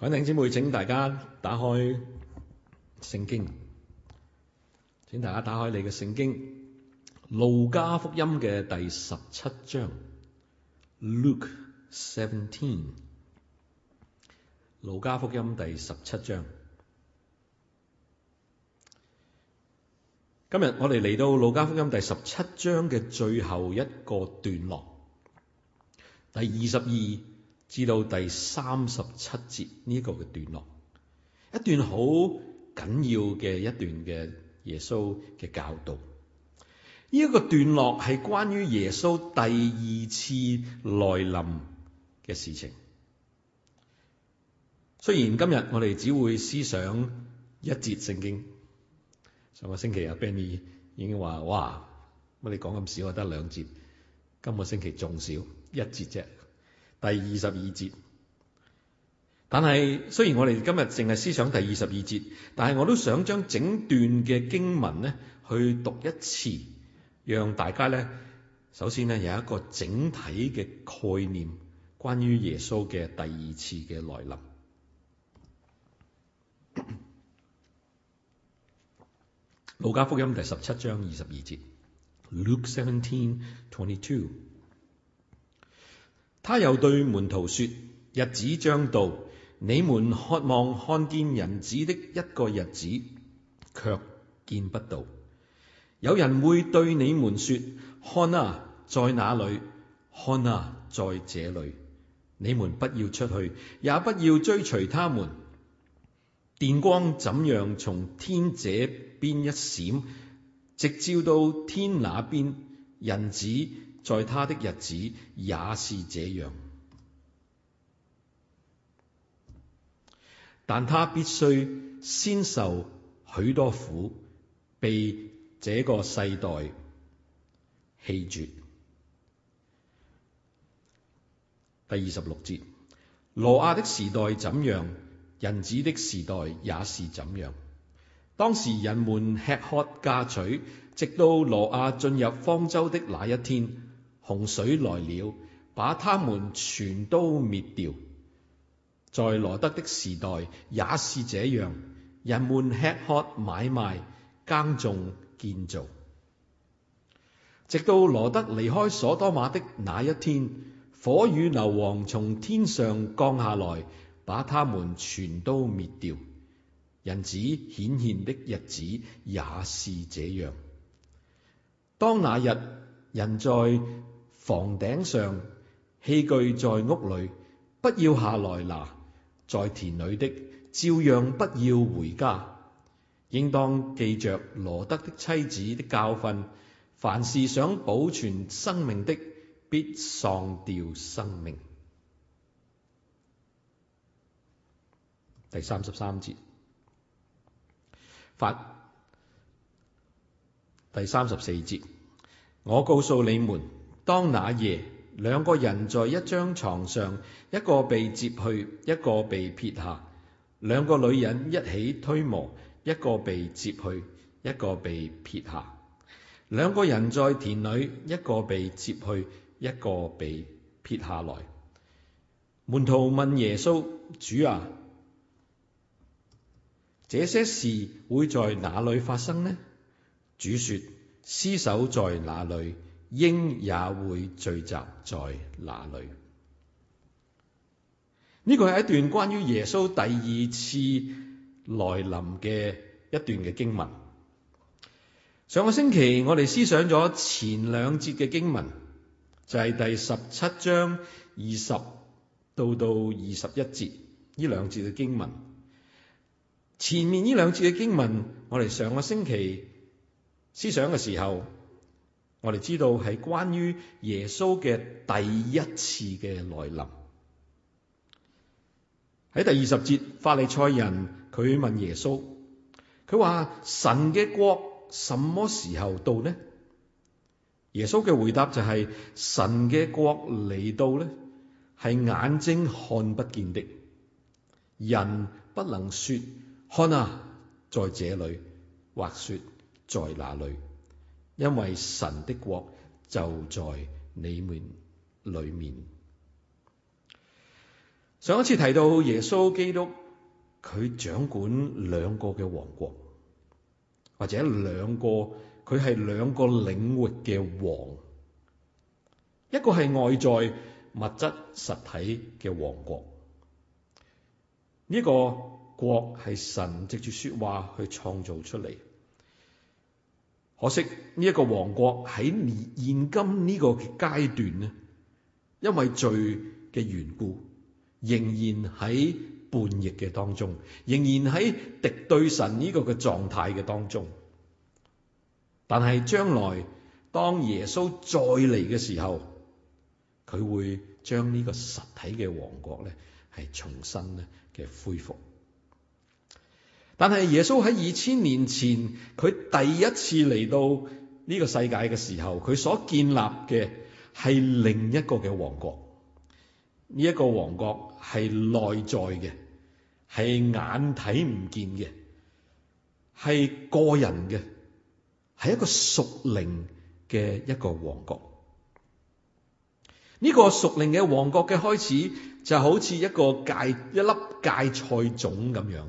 各位弟兄姐妹，請大家打開聖經，請大家打開你嘅聖經《路加福音》嘅第十七章，Luke Seventeen，《路加福音》第十七章。今日我哋嚟到《路加福音》第十七章嘅最後一個段落，第二十二。至到第三十七節呢個嘅段落，一段好緊要嘅一段嘅耶穌嘅教導，呢一個段落係關於耶穌第二次來臨嘅事情。雖然今日我哋只會思想一節聖經，上個星期阿 Benny 已經話：哇，乜你講咁少，我得兩節，今個星期仲少，一節啫。第二十二節，但係雖然我哋今日淨係思想第二十二節，但係我都想將整段嘅經文呢去讀一次，讓大家呢首先呢有一個整體嘅概念，關於耶穌嘅第二次嘅來臨。路加福音第十七章二十二節，Luke seventeen twenty two。他又對門徒說：日子將到，你們渴望看見人子的一個日子，卻見不到。有人會對你們說：看啊，在那裏；看啊，在這裏。你們不要出去，也不要追隨他們。電光怎樣從天這邊一閃，直照到天那邊，人子，在他的日子也是這樣，但他必須先受許多苦，被這個世代棄絕。第二十六節，羅亞的時代怎樣，人子的時代也是怎樣。當時人們吃喝嫁娶，直到羅亞進入方舟的那一天。洪水來了，把他們全都滅掉。在羅得的時代也是這樣，人們吃喝買賣耕種建造。直到羅得離開所多瑪的那一天，火與硫磺從天上降下來，把他們全都滅掉。人子顯現的日子也是這樣。當那日人在，房頂上器具，在屋裏，不要下來拿；在田裏的，照樣不要回家。應當記着羅得的妻子的教訓：凡是想保存生命的，必喪掉生命。第三十三節。法。第三十四節，我告訴你們。當那夜，兩個人在一張床上，一個被接去，一個被撇下；兩個女人一起推磨，一個被接去，一個被撇下；兩個人在田裏，一個被接去，一個被撇下來。門徒問耶穌：主啊，這些事會在哪裏發生呢？主說：屍首在哪裏？鷹也會聚集在哪裏？呢個係一段關於耶穌第二次來臨嘅一段嘅經文。上個星期我哋思想咗前兩節嘅經文，就係第十七章二十到到二十一節呢兩節嘅經文。前面呢兩節嘅經文，我哋上個星期思想嘅時候。我哋知道係關於耶穌嘅第一次嘅來臨。喺第二十節，法利賽人佢問耶穌，佢話神嘅國什麼時候到呢？耶穌嘅回答就係、是、神嘅國嚟到呢，係眼睛看不見的，人不能說看啊，在這裏，或説在哪裏。因為神的國就在你們裏面。上一次提到耶穌基督，佢掌管兩個嘅王國，或者兩個佢係兩個領域嘅王，一個係外在物質實體嘅王國，呢個國係神藉住說話去創造出嚟。可惜呢一個王國喺現今呢個階段呢，因為罪嘅緣故，仍然喺叛逆嘅當中，仍然喺敵對神呢個嘅狀態嘅當中。但係將來當耶穌再嚟嘅時候，佢會將呢個實體嘅王國咧，係重新咧嘅恢復。但係耶穌喺二千年前佢第一次嚟到呢個世界嘅時候，佢所建立嘅係另一個嘅王國。呢、這個、一個王國係內在嘅，係眼睇唔見嘅，係個人嘅，係一個屬靈嘅一個王國。呢、這個屬靈嘅王國嘅開始就好似一個芥一粒芥菜種咁樣。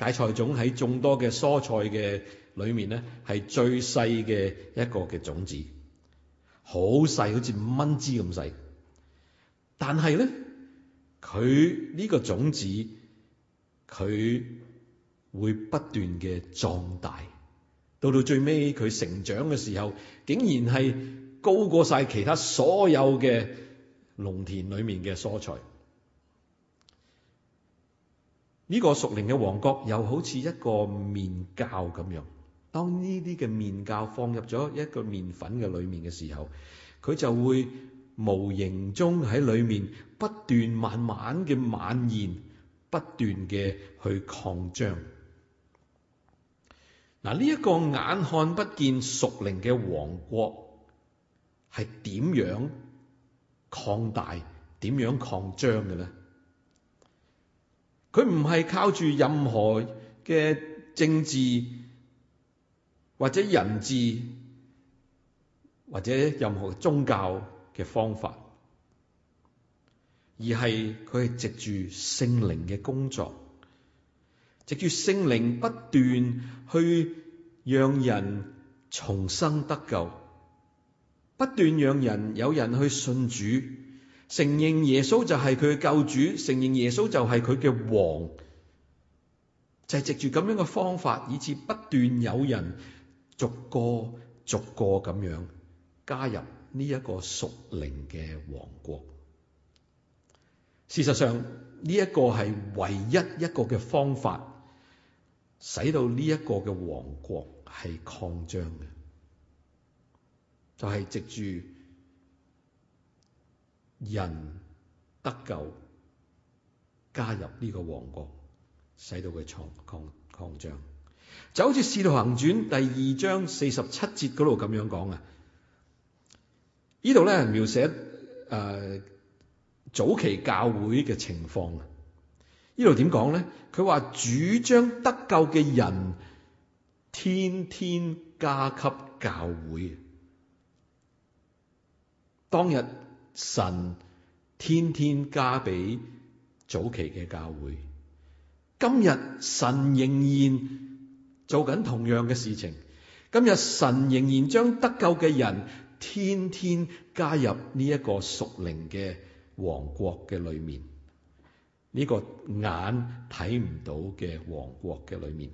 芥菜種喺眾多嘅蔬菜嘅裏面咧，係最細嘅一個嘅種子，好細，好似蚊枝咁細。但係咧，佢呢個種子，佢會不斷嘅壯大，到到最尾佢成長嘅時候，竟然係高過晒其他所有嘅農田裏面嘅蔬菜。呢個屬靈嘅王國又好似一個麵酵咁樣，當呢啲嘅麵酵放入咗一個麵粉嘅裏面嘅時候，佢就會無形中喺裏面不斷慢慢嘅蔓延，不斷嘅去擴張。嗱，呢一個眼看不見屬靈嘅王國係點樣擴大、點樣擴張嘅咧？佢唔係靠住任何嘅政治或者人治或者任何宗教嘅方法，而係佢係藉住聖靈嘅工作，藉住聖靈不斷去讓人重生得救，不斷讓人有人去信主。承認耶穌就係佢嘅救主，承認耶穌就係佢嘅王，就係藉住咁樣嘅方法，以至不斷有人逐個逐個咁樣加入呢一個屬靈嘅王國。事實上，呢一個係唯一一個嘅方法，使到呢一個嘅王國係擴張嘅，就係藉住。人得救，加入呢個王國，使到佢擴擴擴張，就好似《使徒行傳》第二章四十七節嗰度咁樣講啊！這裡呢度咧係描寫誒、呃、早期教會嘅情況啊！這裡怎麼呢度點講咧？佢話主將得救嘅人天天加給教會，當日。神天天加俾早期嘅教會，今日神仍然做緊同樣嘅事情。今日神仍然將得救嘅人天天加入呢一個屬靈嘅王國嘅裏面，呢個眼睇唔到嘅王國嘅裏面。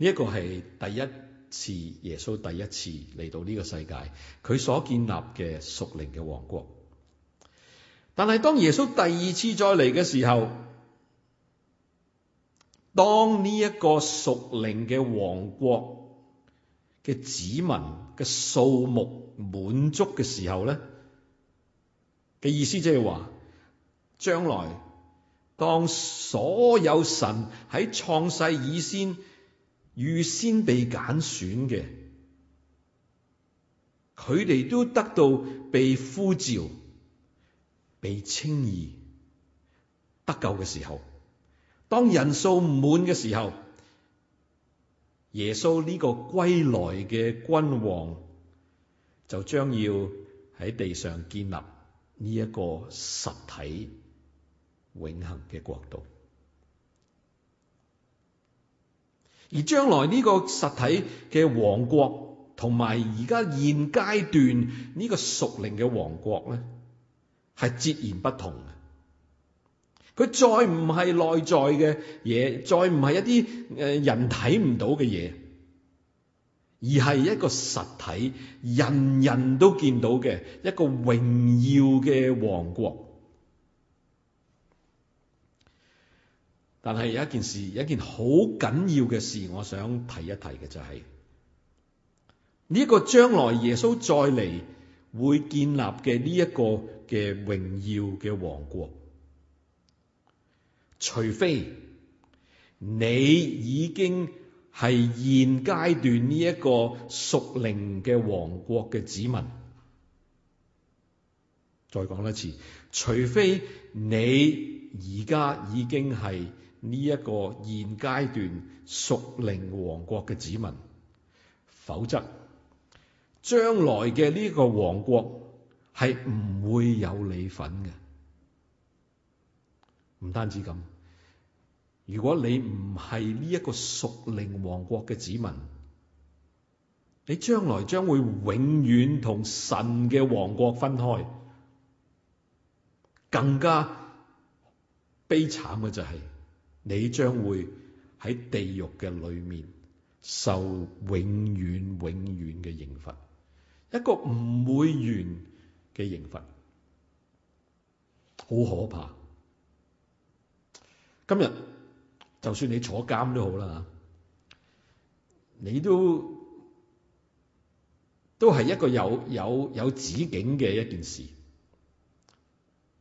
呢一個係第一。次耶穌第一次嚟到呢個世界，佢所建立嘅屬靈嘅王國。但係當耶穌第二次再嚟嘅時候，當呢一個屬靈嘅王國嘅子民嘅數目滿足嘅時候，咧嘅意思即係話，將來當所有神喺創世以先，預先被揀選嘅，佢哋都得到被呼召、被稱義、得救嘅時候。當人數唔滿嘅時候，耶穌呢個歸來嘅君王就將要喺地上建立呢一個實體永恆嘅國度。而將來呢個實體嘅王國，同埋而家現階段呢個屬靈嘅王國咧，係截然不同嘅。佢再唔係內在嘅嘢，再唔係一啲誒人睇唔到嘅嘢，而係一個實體，人人都見到嘅一個榮耀嘅王國。但係有一件事，有一件好緊要嘅事，我想提一提嘅就係呢個將來耶穌再嚟會建立嘅呢一個嘅榮耀嘅王國，除非你已經係現階段呢一個屬靈嘅王國嘅子民。再講一次，除非你而家已經係。呢一個現階段屬靈王國嘅子民，否則將來嘅呢個王國係唔會有你份嘅。唔單止咁，如果你唔係呢一個屬靈王國嘅子民，你將來將會永遠同神嘅王國分開。更加悲慘嘅就係、是。你將會喺地獄嘅裏面受永遠永遠嘅刑罰，一個唔會完嘅刑罰，好可怕。今日就算你坐監都好啦，你都都係一個有有有止境嘅一件事，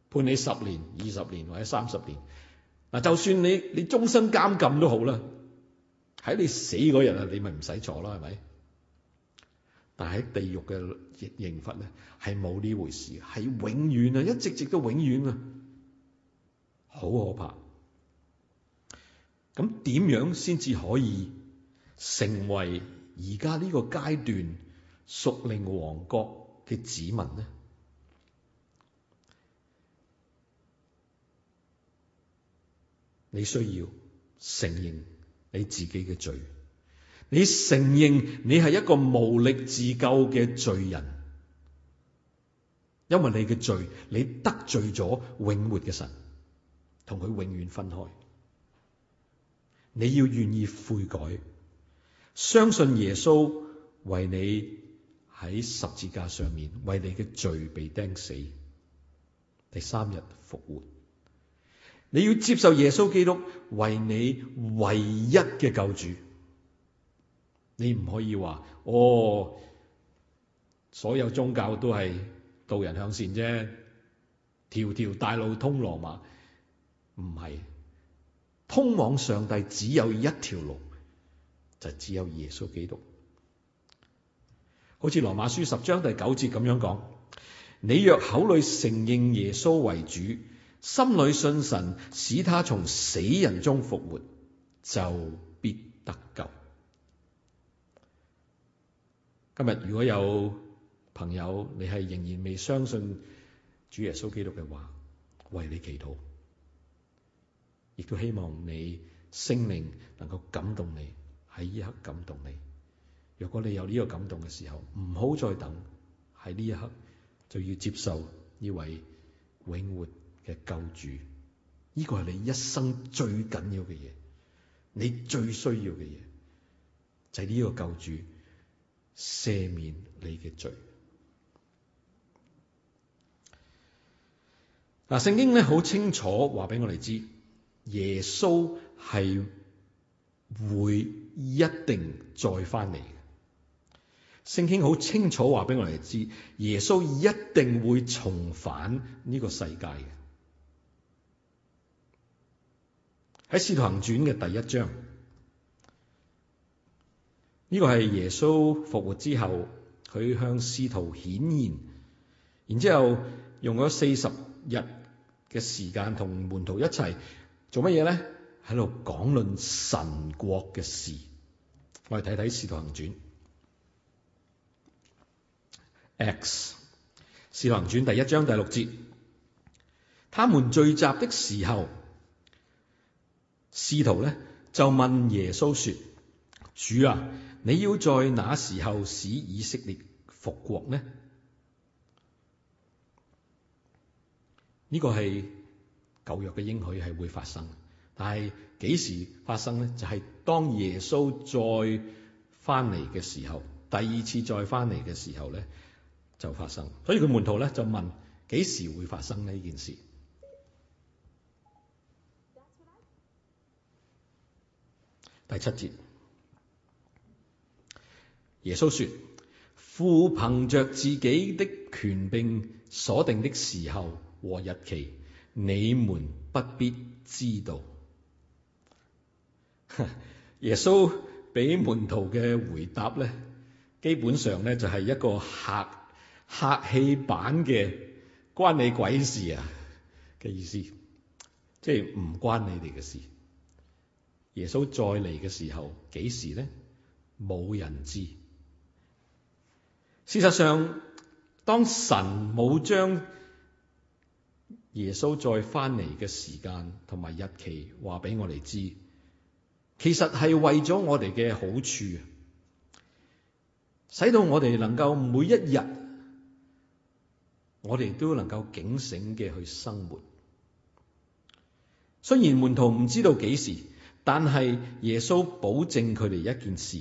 判你十年、二十年或者三十年。嗱，就算你你終身監禁都好啦，喺你死嗰日啊，你咪唔使坐啦，係咪？但係喺地獄嘅刑罰咧，係冇呢回事，係永遠啊，一直直到永遠啊，好可怕。咁點樣先至可以成為而家呢個階段屬靈王國嘅子民呢？你需要承認你自己嘅罪，你承認你係一個無力自救嘅罪人，因為你嘅罪，你得罪咗永活嘅神，同佢永遠分開。你要願意悔改，相信耶穌為你喺十字架上面，為你嘅罪被釘死，第三日復活。你要接受耶穌基督為你唯一嘅救主，你唔可以話哦，所有宗教都係導人向善啫，條條大路通羅馬，唔係，通往上帝只有一條路，就只有耶穌基督。好似羅馬書十章第九節咁樣講，你若口裏承認耶穌為主。心裏信神，使他從死人中復活，就必得救。今日如果有朋友，你係仍然未相信主耶穌基督嘅話，為你祈禱，亦都希望你聖靈能夠感動你喺呢一刻感動你。若果你有呢個感動嘅時候，唔好再等，喺呢一刻就要接受呢位永活嘅救主，呢個係你一生最緊要嘅嘢，你最需要嘅嘢就係呢個救主赦免你嘅罪。嗱，聖經咧好清楚話俾我哋知，耶穌係會一定再翻嚟嘅。聖經好清楚話俾我哋知，耶穌一定會重返呢個世界嘅。喺《使徒行傳》嘅第一章，呢、這個係耶穌復活之後，佢向使徒顯現，然之後用咗四十日嘅時間同門徒一齊做乜嘢咧？喺度講論神國嘅事。我哋睇睇《使徒行傳》X《使徒行傳》第一章第六節，他們聚集的時候。使徒咧就問耶穌說：主啊，你要在哪時候使以色列復國呢？呢、這個係舊約嘅應許係會發生，但係幾時發生咧？就係、是、當耶穌再翻嚟嘅時候，第二次再翻嚟嘅時候咧就發生。所以佢門徒咧就問：幾時會發生呢件事？第七節，耶穌說：父憑着自己的權柄所定的時候和日期，你們不必知道。耶穌俾門徒嘅回答咧，基本上咧就係一個客客氣版嘅關你鬼事啊嘅意思，即係唔關你哋嘅事。耶穌再來嘅時候幾時呢？冇人知。事實上，當神冇將耶穌再翻嚟嘅時間同埋日期話俾我哋知，其實係為咗我哋嘅好處，使到我哋能夠每一日，我哋都能夠警醒嘅去生活。雖然門徒唔知道幾時。但係耶穌保證佢哋一件事，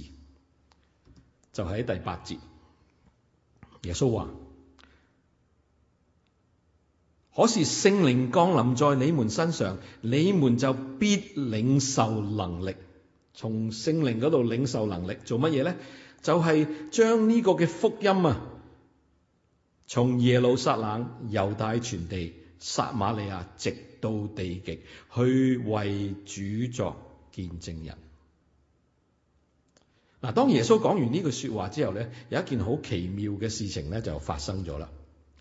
就喺、是、第八節，耶穌話：可是聖靈降臨在你們身上，你們就必領受能力，從聖靈嗰度領受能力，做乜嘢呢？就係、是、將呢個嘅福音啊，從耶路撒冷、猶大全地、撒瑪利亞，直到地極，去為主作見證人嗱，當耶穌講完呢句說話之後呢有一件好奇妙嘅事情呢就發生咗啦。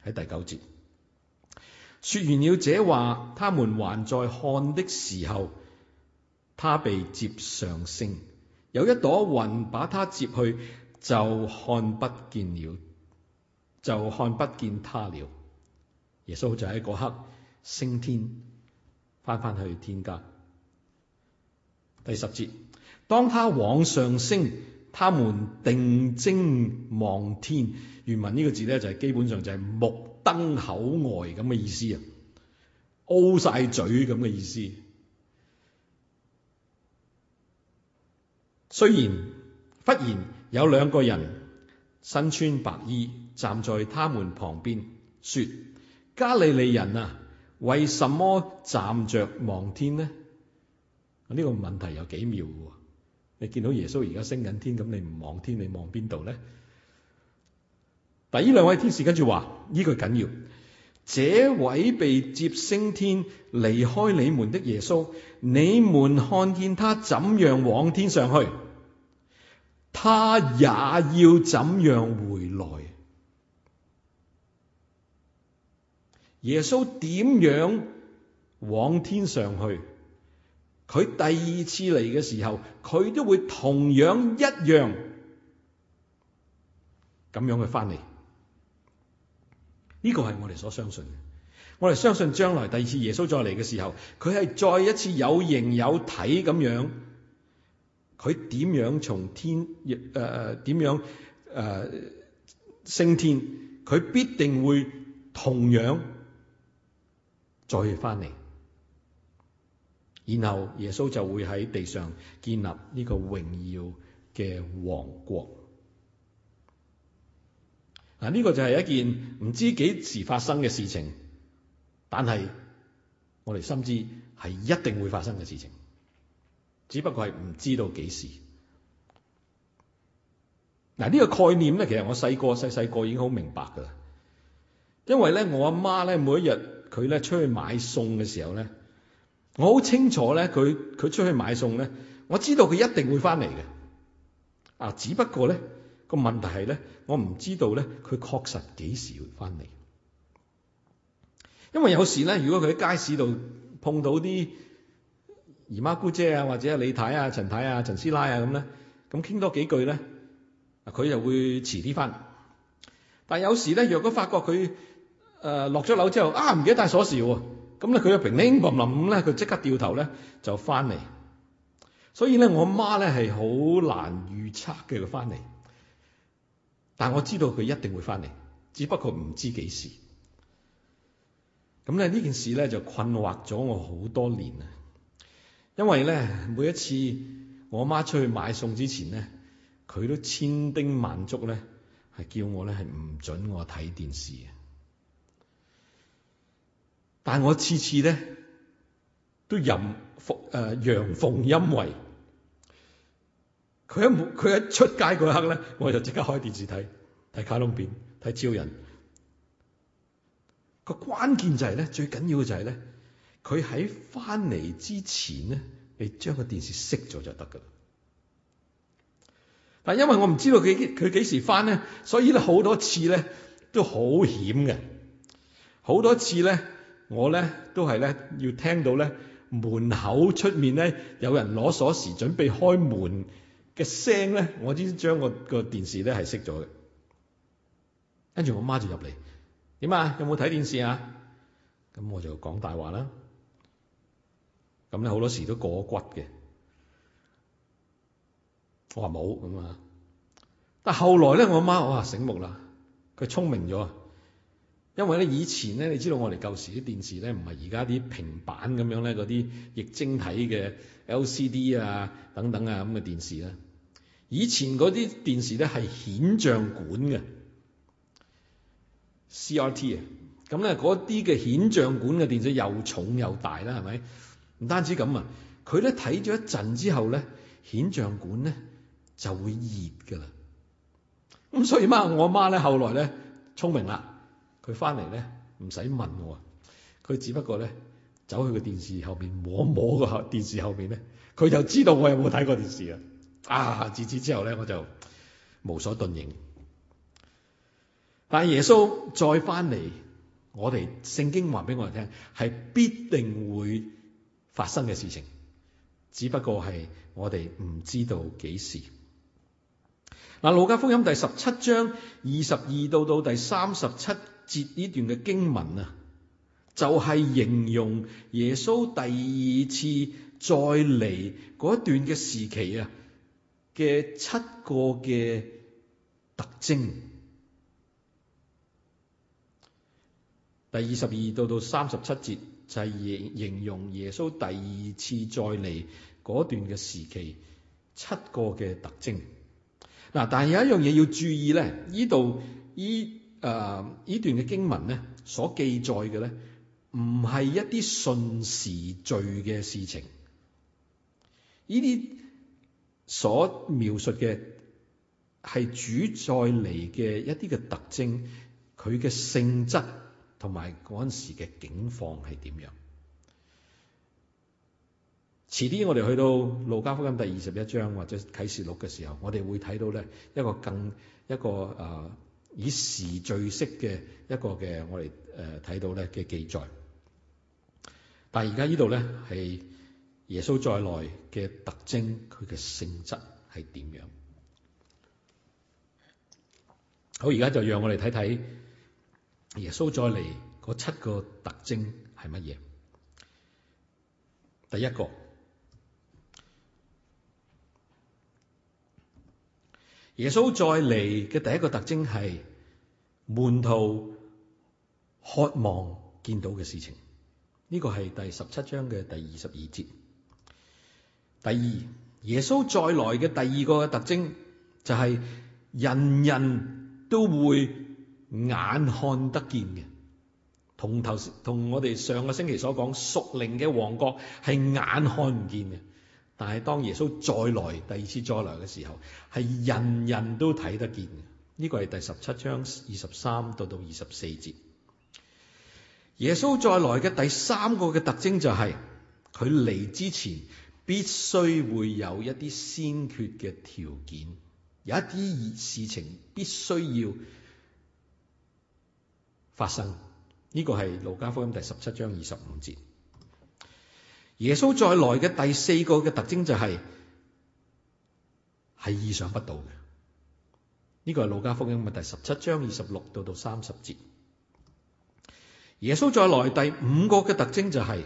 喺第九節，說完了這話，他們還在看的時候，他被接上升，有一朵雲把他接去，就看不見了，就看不見他了。耶穌就喺嗰刻升天，返返去天家。第十節，當他往上升，他們定睛望天。原文呢個字呢，就係、是、基本上就係目瞪口呆咁嘅意思啊，O 晒嘴咁嘅意思。雖然忽然有兩個人身穿白衣站在他們旁邊，說：加利利人啊，為什麼站着望天呢？呢個問題有幾妙嘅，你見到耶穌而家升緊天，咁你唔望天，你望邊度咧？嗱，呢兩位天使跟住話：呢句緊要，這位被接升天離開你們的耶穌，你們看見他怎樣往天上去，他也要怎樣回來。耶穌點樣往天上去？佢第二次嚟嘅時候，佢都會同樣一樣咁樣去翻嚟。呢個係我哋所相信嘅。我哋相信將來第二次耶穌再嚟嘅時候，佢係再一次有形有體咁樣。佢點樣從天誒點樣誒升天？佢必定會同樣再翻嚟。然後耶穌就會喺地上建立呢個榮耀嘅王國。嗱，呢個就係一件唔知幾時發生嘅事情，但係我哋深知係一定會發生嘅事情，只不過係唔知道幾時。嗱，呢個概念咧，其實我細個細細個已經好明白㗎喇，因為咧我阿媽咧每一日佢咧出去買餸嘅時候咧。我好清楚咧，佢佢出去買餸咧，我知道佢一定會翻嚟嘅。啊，只不過咧個問題係咧，我唔知道咧佢確實幾時會翻嚟。因為有時咧，如果佢喺街市度碰到啲姨媽姑姐啊，或者李太啊、陳太啊、陳師奶啊咁咧，咁傾多幾句咧，佢就會遲啲翻。但有時咧，若果發覺佢誒落咗樓之後，啊唔記得帶鎖匙喎。咁咧佢一平拎冧冧咁咧，佢即刻掉頭咧就翻嚟。所以咧，我媽咧係好難預測嘅佢翻嚟，但我知道佢一定會翻嚟，只不過唔知幾時。咁咧呢件事咧就困惑咗我好多年啊！因為咧每一次我媽出去買餸之前咧，佢都千叮萬囑咧係叫我咧係唔準我睇電視。但我次次咧都任奉，呃，陽奉陰違，佢一佢一出街嗰刻咧，我就即刻開電視睇睇卡通片，睇超人。個關鍵就係咧，最緊要嘅就係咧，佢喺翻嚟之前咧，你將個電視熄咗就得噶啦。但因為我唔知道佢佢幾時翻咧，所以咧好多次咧都好險嘅，好多次咧。我咧都係咧要聽到咧門口出面咧有人攞鎖匙準備開門嘅聲咧，我先將個個電視咧係熄咗嘅。跟住我媽就入嚟，點啊？有冇睇電視啊？咁我就講大話啦。咁咧好多時都過骨嘅。我話冇咁啊。但係後來咧，我媽話醒目啦，佢聰明咗啊！因為咧，以前咧，你知道我哋舊時啲電視咧，唔係而家啲平板咁樣咧，嗰啲液晶體嘅 LCD 啊等等啊咁嘅電視啦，以前嗰啲電視咧係顯像管嘅 CRT 啊，咁咧嗰啲嘅顯像管嘅電視又重又大啦，係咪？唔單止咁啊，佢咧睇咗一陣之後咧，顯像管咧就會熱㗎啦。咁所以媽我媽咧後來咧聰明啦。佢翻嚟咧唔使問我啊，佢只不過咧走去個電視後邊摸摸個電視後邊咧，佢就知道我有冇睇過電視啊！啊，自此之後咧，我就無所遁形。但耶穌再翻嚟，我哋聖經話俾我哋聽，係必定會發生嘅事情，只不過係我哋唔知道幾時。嗱，《路加福音》第十七章二十二到到第三十七。節呢段嘅經文啊，就係形容耶穌第二次再嚟嗰段嘅時期啊嘅七個嘅特徵。第二十二到到三十七節就係形形容耶穌第二次再嚟嗰段嘅時期七個嘅特徵。嗱，但係有一樣嘢要注意咧，呢度呢？誒呢、啊、段嘅經文咧，所記載嘅咧，唔係一啲順時序嘅事情，呢啲所描述嘅係主再嚟嘅一啲嘅特徵，佢嘅性質同埋嗰陣時嘅境況係點樣？遲啲我哋去到路加福音第二十一章或者啟示錄嘅時候，我哋會睇到咧一個更一個誒。呃以時序式嘅一個嘅我哋誒睇到咧嘅記載，但係而家呢度咧係耶穌再來嘅特徵，佢嘅性質係點樣？好，而家就讓我哋睇睇耶穌再嚟嗰七個特徵係乜嘢？第一個。耶穌再來嘅第一個特徵係門徒渴望見到嘅事情，呢個係第十七章嘅第，第二十二節。第二，耶穌再來嘅第二個特徵就係人人都會眼看得見嘅，同頭同我哋上個星期所講屬靈嘅王國係眼看唔見嘅。但係當耶穌再來，第二次再來嘅時候，係人人都睇得見嘅。呢、這個係第十七章二十三到到二十四節。耶穌再來嘅第三個嘅特徵就係、是，佢嚟之前必須會有一啲先決嘅條件，有一啲事情必須要發生。呢、這個係路加福音第十七章二十五節。耶穌再來嘅第四個嘅特徵就係、係、係意想不到嘅，呢、呢個係《路加福音》嘅第十七章二十六到到三十節。耶穌再來第五個嘅特徵就係、係、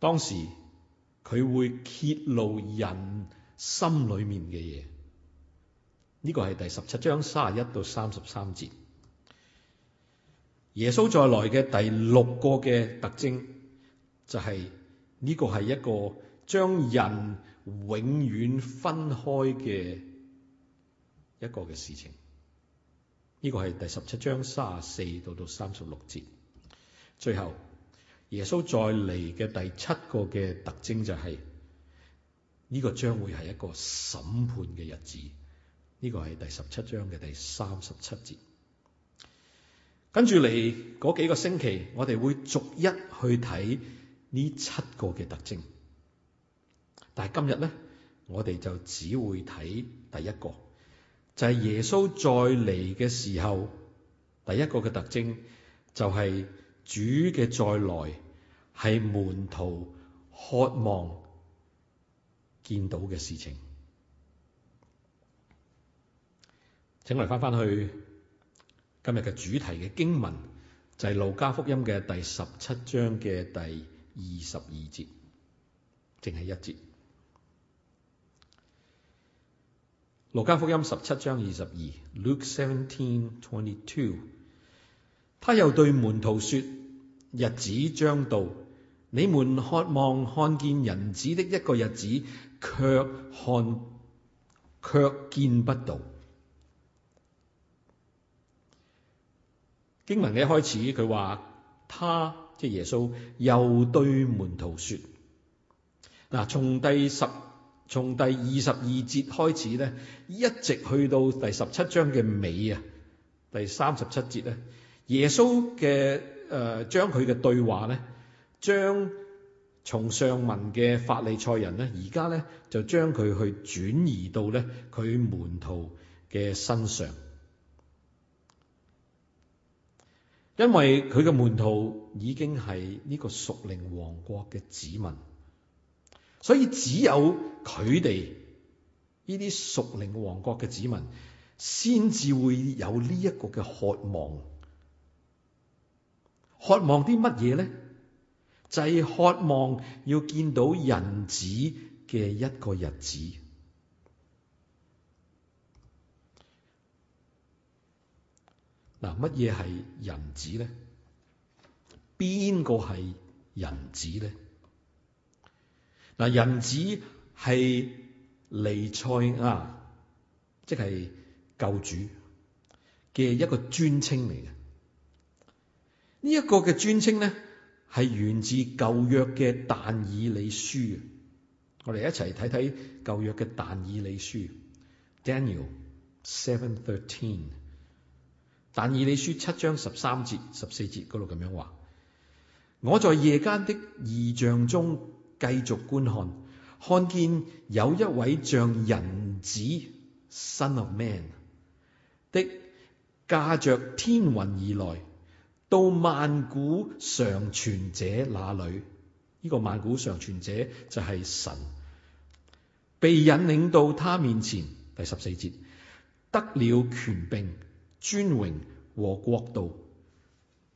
當時佢會揭露人心裏面嘅嘢，呢、呢個係第十七章三十一到三十三節。耶穌再來嘅第六個嘅特徵就係、係。呢個係一個將人永遠分開嘅一個嘅事情。呢個係第十七章三十四到到三十六節。最後耶穌再嚟嘅第七個嘅特徵就係呢個將會係一個審判嘅日子。呢個係第十七章嘅第三十七節。跟住嚟嗰幾個星期，我哋會逐一去睇。呢七個嘅特徵，但係今日咧，我哋就只會睇第一個，就係、是、耶穌再嚟嘅時候，第一個嘅特徵就係主嘅再來，係門徒渴望見到嘅事情。請我哋返返去今日嘅主題嘅經文，就係、是、路加福音嘅第十七章嘅第。二十二節，淨係一節。路加福音十七章二十二，Luke seventeen twenty two。他又對門徒說：日子將到，你們渴望看見人子的一個日子，却看却見不到。經文嘅一開始，佢話他。他即係耶穌又對門徒説：嗱，從第十、從第二十二節開始咧，一直去到第十七章嘅尾啊，第三十七節咧，耶穌嘅誒將佢嘅對話咧，將從上文嘅法利賽人咧，而家咧就將佢去轉移到咧佢門徒嘅身上。因為佢嘅門徒已經係呢個屬靈王國嘅子民，所以只有佢哋呢啲屬靈王國嘅子民，先至會有呢一個嘅渴望，渴望啲乜嘢咧？就係、是、渴望要見到人子嘅一個日子。嗱，乜嘢係人子咧？邊個係人子咧？嗱，人子係彌賽亞，即係舊主嘅一個專稱嚟嘅。呢、這、一個嘅專稱咧，係源自舊約嘅但以理書。我哋一齊睇睇舊約嘅但以理書，Daniel 7:13。但以理書七章十三節、十四節嗰度咁樣話：我在夜間的異象中繼續觀看，看見有一位像人子 （son of man） 的駕着天雲而來，到萬古常存者那裏。呢個萬古常存者就係神，被引領到他面前。第十四節得了權柄。尊榮和國度，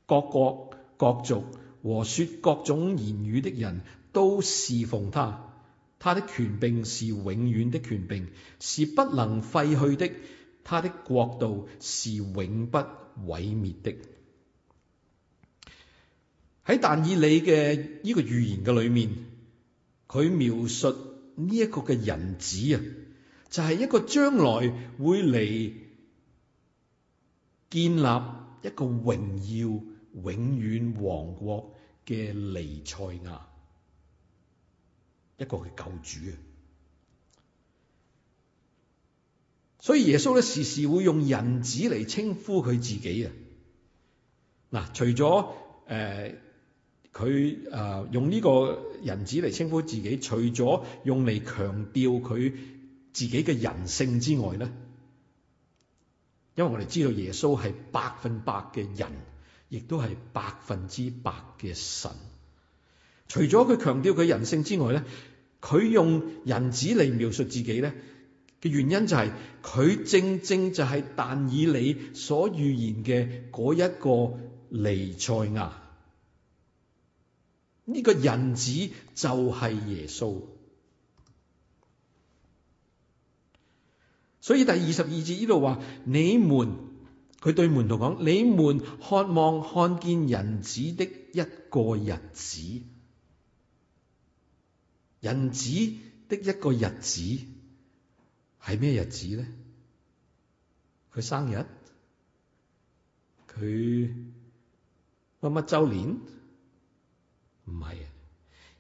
各國各族和說各種言語的人都侍奉他。他的權柄是永遠的權柄，是不能廢去的。他的國度是永不毀滅的。喺但以理嘅呢個預言嘅裏面，佢描述呢、就是、一個嘅人子啊，就係一個將來會嚟，建立一個榮耀永遠王國的尼賽亞，一個嘅救主啊！所以耶穌咧時時會用人子嚟稱呼佢自己啊！嗱，除咗誒佢誒用呢個人子嚟稱呼自己，除咗用嚟強調佢自己嘅人性之外咧。因為我哋知道耶穌係百分百嘅人，亦都係百分之百嘅神。除咗佢強調佢人性之外咧，佢用人子嚟描述自己咧嘅原因就係、是、佢正正就係但以理所預言嘅嗰一個彌賽亞。呢、這個人子就係耶穌。所以第二十二節呢度話，你們佢對門徒講，你們渴望看見人子的一個日子，人子的一個日子係咩日子呢？佢生日？佢乜乜周年？唔係啊！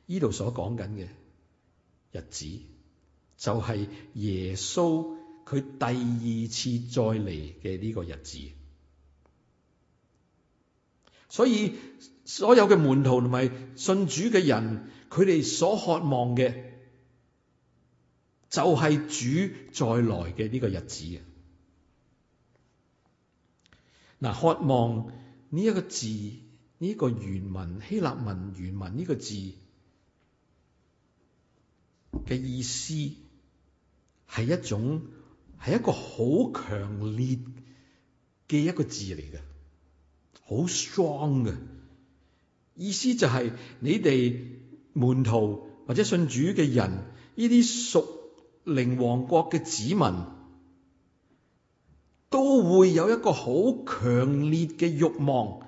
呢度所講緊嘅日子就係耶穌。佢第二次再嚟嘅呢個日子，所以所有嘅門徒同埋信主嘅人，佢哋所渴望嘅就係主再來嘅呢個日子啊！嗱，渴望呢一個字，呢個原文希臘文原文呢個字嘅意思係一種。係一個好強烈嘅一個字嚟嘅，好 strong 嘅，意思就係你哋門徒或者信主嘅人，呢啲屬靈王國嘅子民，都會有一個好強烈嘅慾望，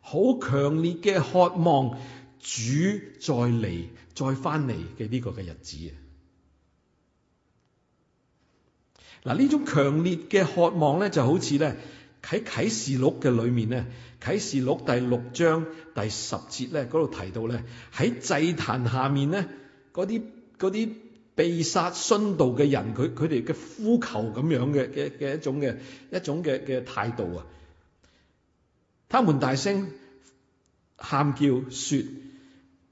好強烈嘅渴望主再嚟，再翻嚟嘅呢個嘅日子啊！嗱，呢種強烈嘅渴望咧，就好似咧喺《啟示錄》嘅裏面咧，《啟示錄》第六章第十節咧嗰度提到咧，喺祭壇下面咧嗰啲嗰啲被殺殉道嘅人，佢佢哋嘅呼求咁樣嘅嘅嘅一種嘅一種嘅嘅態度啊！他們大聲喊叫說，說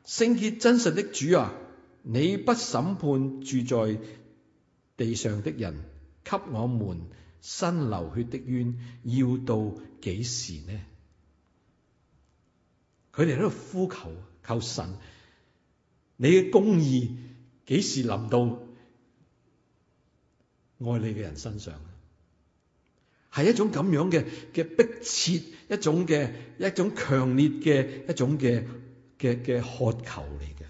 聖潔真實的主啊，你不審判住在地上的人，給我們伸流血的冤要到幾時呢？佢哋喺度呼求，求神，你嘅公義幾時臨到愛你嘅人身上？係一種咁樣嘅嘅迫切，一種嘅一種強烈嘅一種嘅嘅嘅渴求嚟嘅。的的的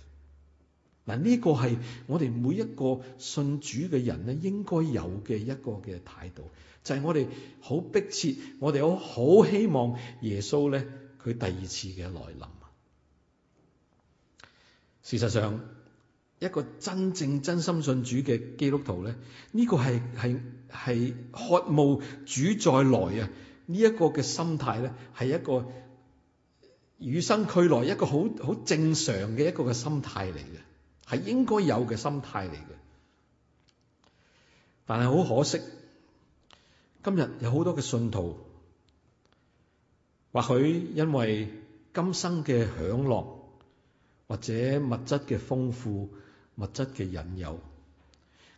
嗱，呢個係我哋每一個信主嘅人咧，應該有嘅一個嘅態度，就係、是、我哋好迫切，我哋好好希望耶穌咧佢第二次嘅來臨。啊。事實上，一個真正真心信主嘅基督徒咧，呢、這個係係係渴慕主再來啊！呢、這、一個嘅心態咧，係一個與生俱來一個好好正常嘅一個嘅心態嚟嘅。係應該有嘅心態嚟嘅，但係好可惜，今日有好多嘅信徒，或許因為今生嘅享樂或者物質嘅豐富、物質嘅引誘，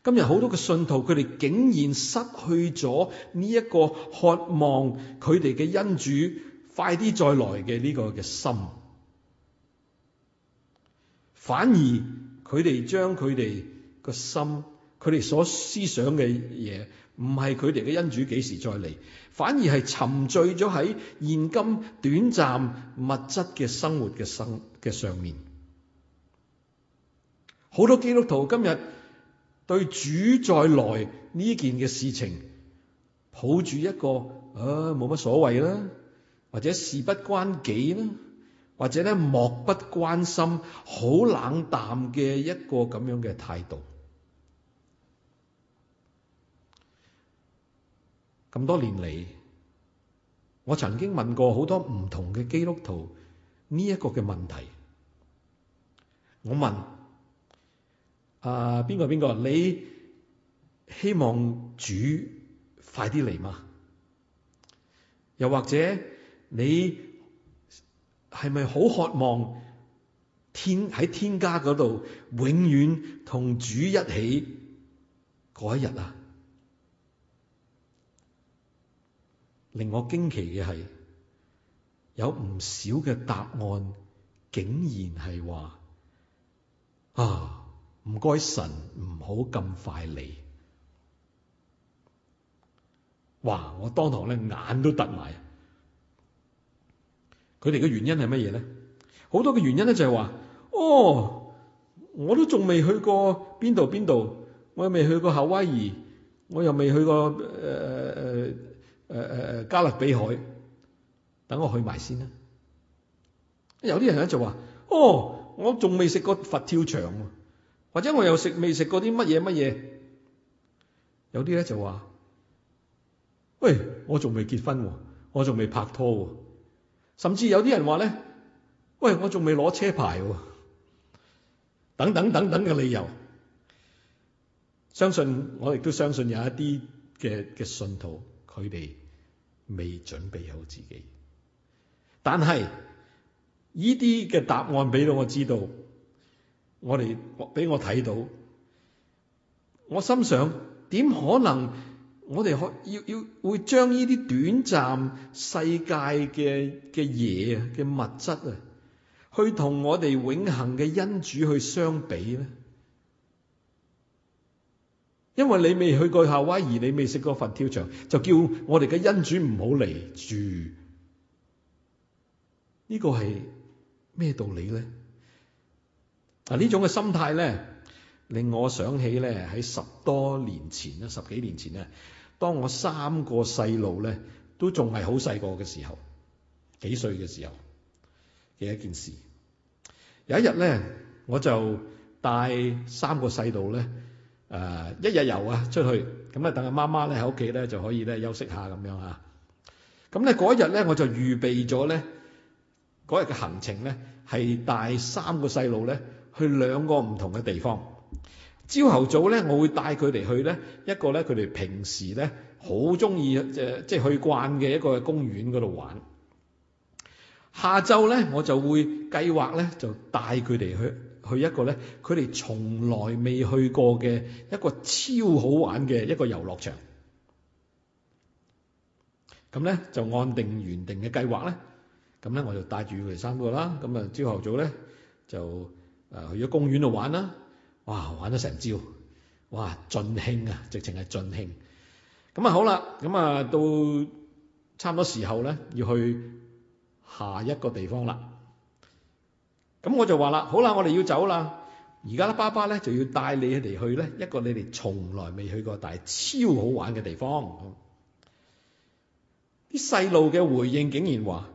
今日好多嘅信徒，佢哋竟然失去咗呢一個渴望佢哋嘅恩主快啲再來嘅呢個嘅心，反而，佢哋將佢哋個心，佢哋所思想嘅嘢，唔係佢哋嘅恩主幾時再嚟，反而係沉醉咗喺現今短暫物質嘅生活嘅生嘅上面。好多基督徒今日對主再來呢件嘅事情，抱住一個啊冇乜所謂啦，或者事不關己啦。或者咧漠不關心、好冷淡嘅一個咁樣嘅態度。咁多年嚟，我曾經問過好多唔同嘅基督徒呢一個嘅問題。我問啊邊個邊個，你希望主快啲嚟嘛？又或者你？係咪好渴望天喺天家嗰度永遠同主一起嗰一日啊？令我驚奇嘅係，有唔少嘅答案竟然係話啊，唔該神唔好咁快嚟！哇！我當堂咧眼都突埋。佢哋嘅原因係乜嘢咧？好多嘅原因咧就係話，哦，我都仲未去過邊度邊度，我又未去過夏威夷，我又未去過誒誒誒誒誒加勒比海，等我去埋先啦。有啲人咧就話，哦，我仲未食過佛跳牆，或者我又食未食過啲乜嘢乜嘢。有啲咧就話，喂，我仲未結婚，我仲未拍拖。甚至有啲人話咧，喂，我仲未攞車牌，等等等等嘅理由。相信我亦都相信有一啲嘅嘅信徒，佢哋未準備好自己。但係呢啲嘅答案俾到我知道，我哋俾我睇到，我心想點可能？我哋可要要會將呢啲短暫世界嘅嘅嘢啊嘅物質啊，去同我哋永恒嘅恩主去相比咧？因為你未去過夏威夷，你未食過佛跳牆，就叫我哋嘅恩主唔好嚟住？呢個係咩道理咧？啊呢種嘅心態咧，令我想起咧喺十多年前啦，十幾年前咧。當我三個細路咧都仲係好細個嘅時候，幾歲嘅時候嘅一件事，有一日咧，我就帶三個細路咧誒一日遊啊出去，咁啊等阿媽媽咧喺屋企咧就可以咧休息下咁樣啊。咁咧嗰一日咧，我就預備咗咧，嗰日嘅行程咧係帶三個細路咧去兩個唔同嘅地方。朝頭早咧，我會帶佢哋去咧一個咧，佢哋平時咧好中意誒即係去慣嘅一個公園嗰度玩。下晝咧，我就會計劃咧，就帶佢哋去去一個咧，佢哋從來未去過嘅一個超好玩嘅一個遊樂場。咁咧就按定原定嘅計劃咧，咁咧我就帶住佢哋三個啦。咁啊，朝頭早咧就誒去咗公園度玩啦。哇！玩咗成朝，哇！盡興啊，直情係盡興。咁啊好啦，咁啊到差唔多時候咧，要去下一個地方啦。咁我就話啦，好啦，我哋要走啦。而家咧，爸爸咧就要帶你哋去咧一個你哋從來未去過但係超好玩嘅地方。啲細路嘅回應竟然話：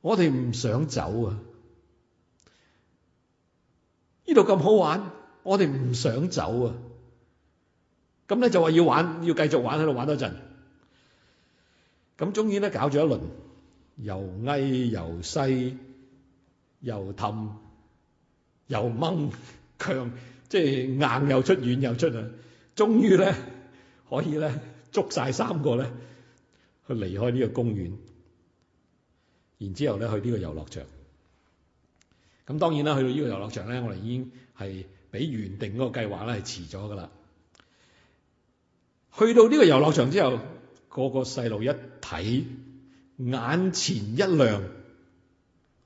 我哋唔想走啊！呢度咁好玩。我哋唔想走啊！咁咧就話要玩，要繼續玩喺度玩多陣。咁終於咧搞咗一輪，又矮又細又氹又掹，強即係硬又出，軟又出啊！終於咧可以咧捉晒三個咧去離開呢個公園，然之後咧去呢個遊樂場。咁當然啦，去到呢個遊樂場咧，我哋已經係，比原定嗰個計劃咧係遲咗噶啦。去到呢個遊樂場之後，個個細路一睇，眼前一亮，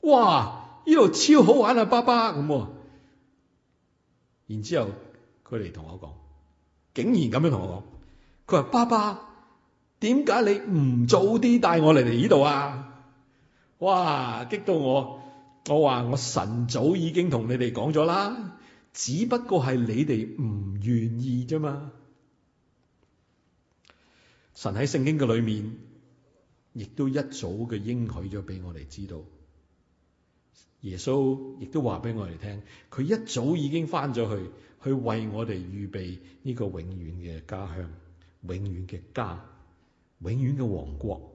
哇！呢度超好玩啊，爸爸咁啊。然之後佢哋同我講，竟然咁樣同我講，佢話：爸爸，點解你唔早啲帶我嚟嚟呢度啊？哇！激到我，我話我晨早已經同你哋講咗啦。只不過係你哋唔願意啫嘛，神喺聖經嘅裏面，亦都一早嘅應許咗俾我哋知道，耶穌亦都話俾我哋聽，佢一早已經返咗去，去為我哋預備呢個永遠嘅家鄉、永遠嘅家、永遠嘅王國，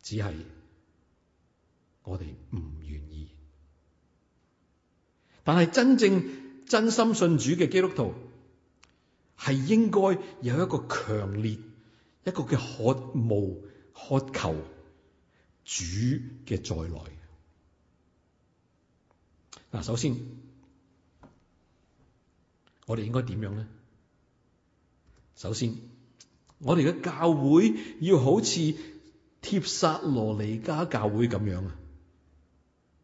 只係我哋唔願意。但係真正真心信主嘅基督徒，係應該有一個強烈、一個嘅渴慕、渴求主嘅再來。嗱，首先我哋應該點樣咧？首先，我哋嘅教會要好似帖撒羅尼迦教會咁樣啊，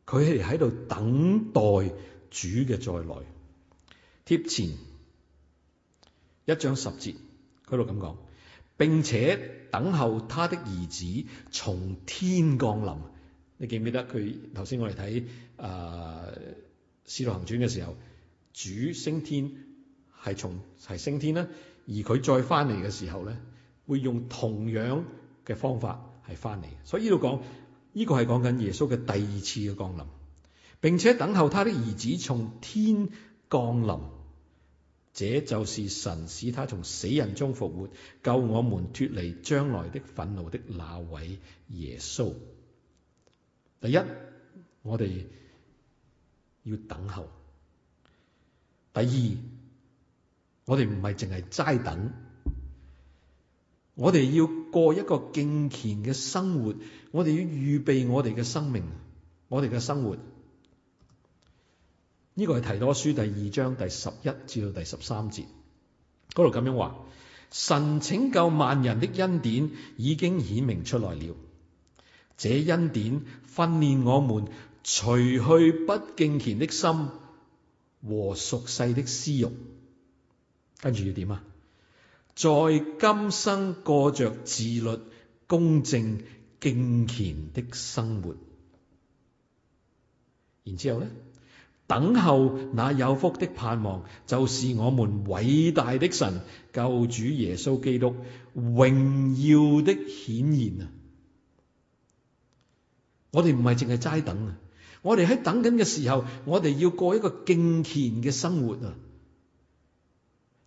佢哋喺度等待主嘅再來，帖前一章十節，佢喺度咁講，並且等候他的兒子從天降臨。你記唔記得佢頭先我哋睇啊《使徒行傳》嘅時候，主升天係從係升天啦，而佢再翻嚟嘅時候咧，會用同樣嘅方法係翻嚟。所以呢度講呢個係講緊耶穌嘅第二次嘅降臨。並且等候他的兒子從天降臨，這就是神使他從死人中復活，救我們脫離將來的憤怒的那位耶穌。第一，我哋要等候；第二，我哋唔係淨係齋等，我哋要過一個敬虔嘅生活，我哋要預備我哋嘅生命，我哋嘅生活。呢個係提多書第二章第十一至到第十三節嗰度咁樣話，神拯救萬人的恩典已經顯明出來了。這恩典訓練我們除去不敬虔的心和俗世的私欲，跟住要點啊？在今生過着自律、公正、敬虔的生活，然之後呢等候那有福的盼望，就是我們偉大的神，救主耶穌基督榮耀的顯現啊！我哋唔係淨係齋等啊，我哋喺等緊嘅時候，我哋要過一個敬虔嘅生活啊！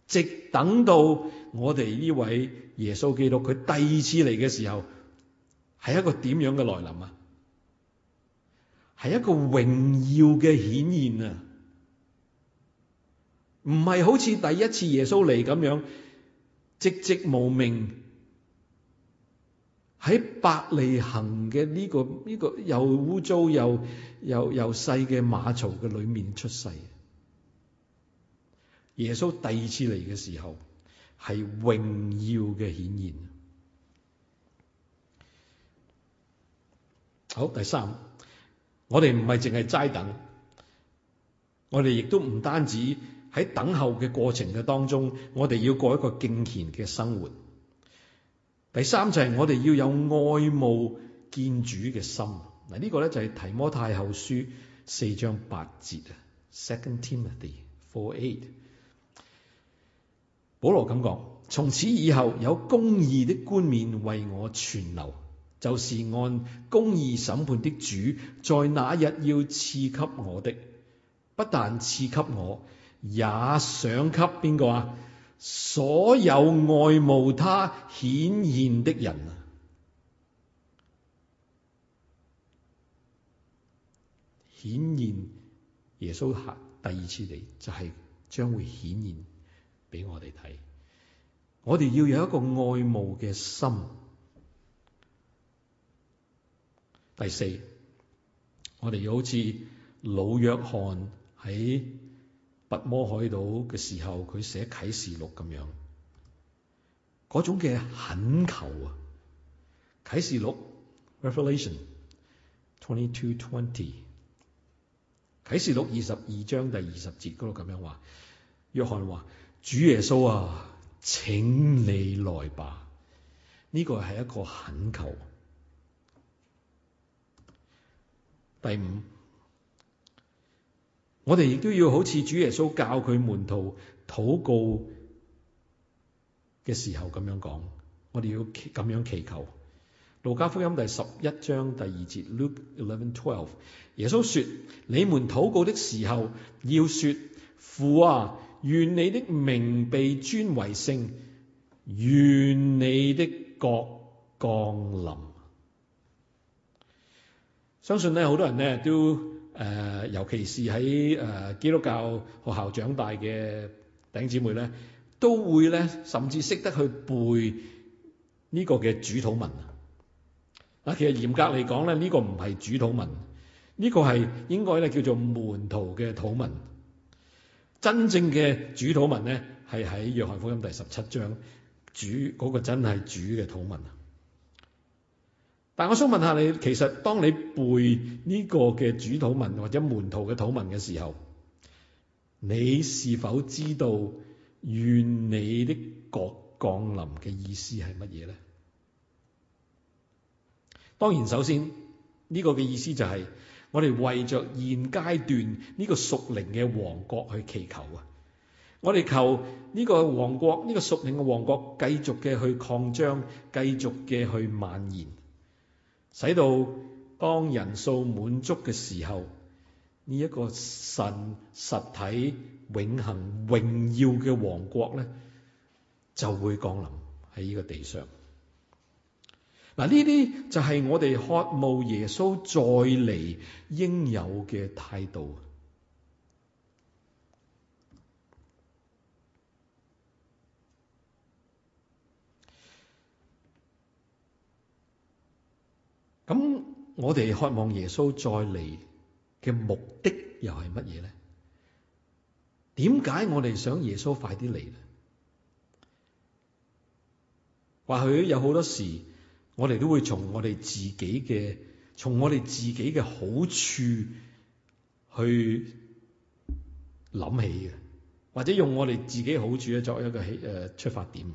直等到我哋呢位耶穌基督佢第二次嚟嘅時候，係一個點樣嘅來臨啊？係一個榮耀嘅顯現啊！唔係好似第一次耶穌嚟咁樣，寂寂無名喺伯利恒嘅呢個呢個又污糟又又又細嘅馬槽嘅裏面出世。耶穌第二次嚟嘅時候，係榮耀嘅顯現。好，第三。我哋唔係淨係齋等，我哋亦都唔單止喺等候嘅過程嘅當中，我哋要過一個敬虔嘅生活。第三就係我哋要有愛慕見主嘅心。呢、這個呢，就係提摩太後書四章八節 Second Timothy four eight，保羅噉講，從此以後有公義的冠冕為我存留。就是按公義審判的主，在那日要賜給我的，不但賜給我，也想給邊個啊？所有愛慕他顯現的人啊！顯現耶穌下第二次嚟，就係、是、將會顯現俾我哋睇。我哋要有一個愛慕嘅心。第四，我哋要好似老約翰喺拔摩海島嘅時候，佢寫啟示錄咁樣，嗰種嘅懇求啊！啟示錄 Revelation twenty two twenty，啟示錄二十二章第二十節嗰度咁樣話，約翰話：主耶穌啊，請你來吧！呢個係一個懇求。第五，我哋亦都要好似主耶穌教佢門徒禱告嘅時候咁樣講，我哋要咁樣祈求。路加福音第十一章第二節 （Luke 11:12），耶穌說：你們禱告的時候，要說：父啊，願你的名被尊為聖，願你的國降臨。相信咧，好多人咧都誒，尤其是喺誒基督教學校長大嘅頂姊妹咧，都會咧，甚至識得去背呢個嘅主禱文啊！其實嚴格嚟講咧，呢、這個唔係主禱文，呢、這個係應該咧叫做門徒嘅禱文。真正嘅主禱文咧，係喺約翰福音第十七章，主、那、嗰個真係主嘅禱文啊！但我想問下你，其實當你背呢個嘅主禱文或者門徒嘅禱文嘅時候，你是否知道願你的國降臨嘅意思係乜嘢呢？當然，首先呢、這個嘅意思就係、是、我哋為着現階段呢個屬靈嘅王國去祈求啊！我哋求呢個王國，呢、這個屬靈嘅王國繼續嘅去擴張，繼續嘅去蔓延。使到當人數滿足嘅時候，呢、這、一個神實體永恆榮耀嘅王國咧，就會降臨喺呢個地上。嗱，呢啲就係我哋渴慕耶穌再嚟應有嘅態度。咁我哋渴望耶穌再嚟嘅目的又係乜嘢咧？點解我哋想耶穌快啲嚟咧？或許有好多時，我哋都會從我哋自己嘅，從我哋自己嘅好處去諗起嘅，或者用我哋自己好處咧作為一個誒出發點。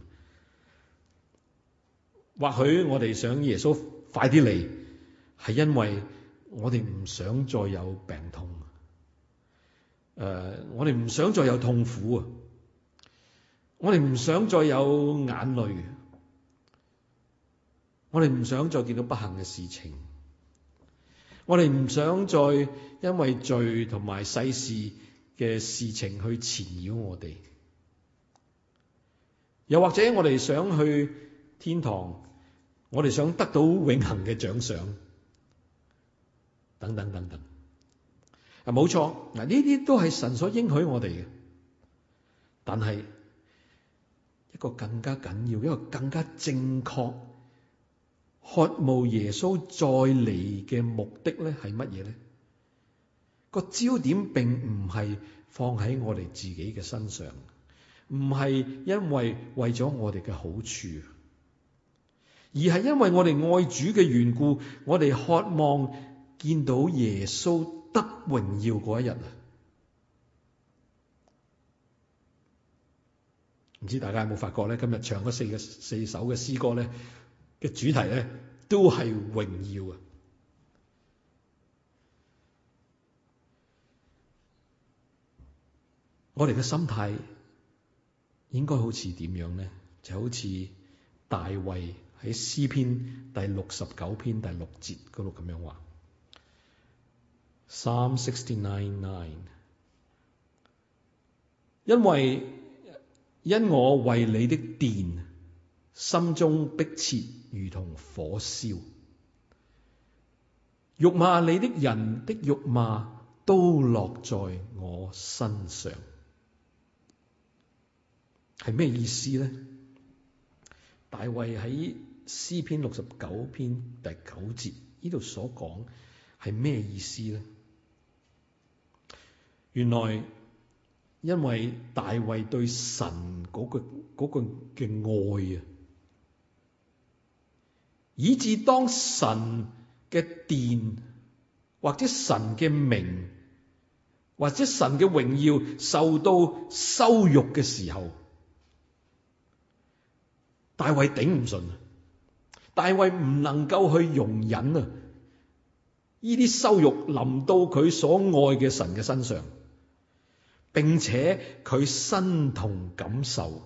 或許我哋想耶穌快啲嚟。係因為我哋唔想再有病痛，誒，我哋唔想再有痛苦啊！我哋唔想再有眼淚，我哋唔想再見到不幸嘅事情，我哋唔想再因為罪同埋世事嘅事情去纏繞我哋。又或者我哋想去天堂，我哋想得到永恆嘅獎賞。等等等等，啊，冇錯，嗱，呢啲都係神所應許我哋嘅。但係一個更加緊要，一個更加正確，渴慕耶穌再嚟嘅目的咧係乜嘢咧？個焦點並唔係放喺我哋自己嘅身上，唔係因為為咗我哋嘅好處，而係因為我哋愛主嘅緣故，我哋渴望。見到耶穌得榮耀嗰一日啊，唔知大家有冇發覺咧？今日唱嗰四個四首嘅詩歌咧嘅主題咧，都係榮耀啊！我哋嘅心態應該好似點樣咧？就好似大衛喺詩篇第六十九篇第六節嗰度咁樣話。三 sixty nine nine，因為因我為你的殿，心中迫切如同火燒，辱罵你的人的辱罵都落在我身上，係咩意思咧？大衛喺詩篇六十九篇第九節呢度所講係咩意思咧？原來因為大衛對神嗰個嗰個嘅愛啊，以致當神嘅殿或者神嘅名或者神嘅榮耀受到羞辱嘅時候，大衛頂唔順，大衛唔能夠去容忍啊！呢啲羞辱臨到佢所愛嘅神嘅身上。並且佢身同感受，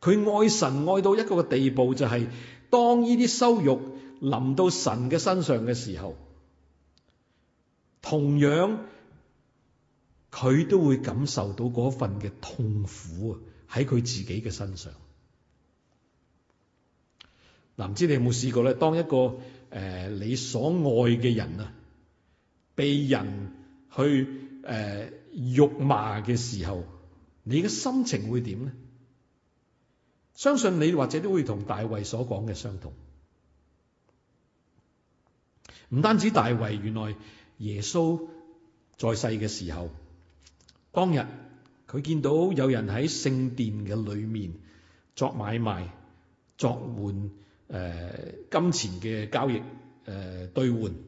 佢愛神愛到一個嘅地步，就是，就係當呢啲羞辱臨到神嘅身上嘅時候，同樣佢都會感受到嗰份嘅痛苦喺佢自己嘅身上。嗱，唔知你有冇試過咧？當一個誒、呃、你所愛嘅人啊，被人去誒、呃.辱罵嘅時候，你嘅心情會點呢？相信你或者都會同大衛所講嘅相同。唔單止大衛，原來耶穌在世嘅時候，當日佢見到有人喺聖殿嘅裏面作買賣，作換誒金錢嘅交易誒兌換。呃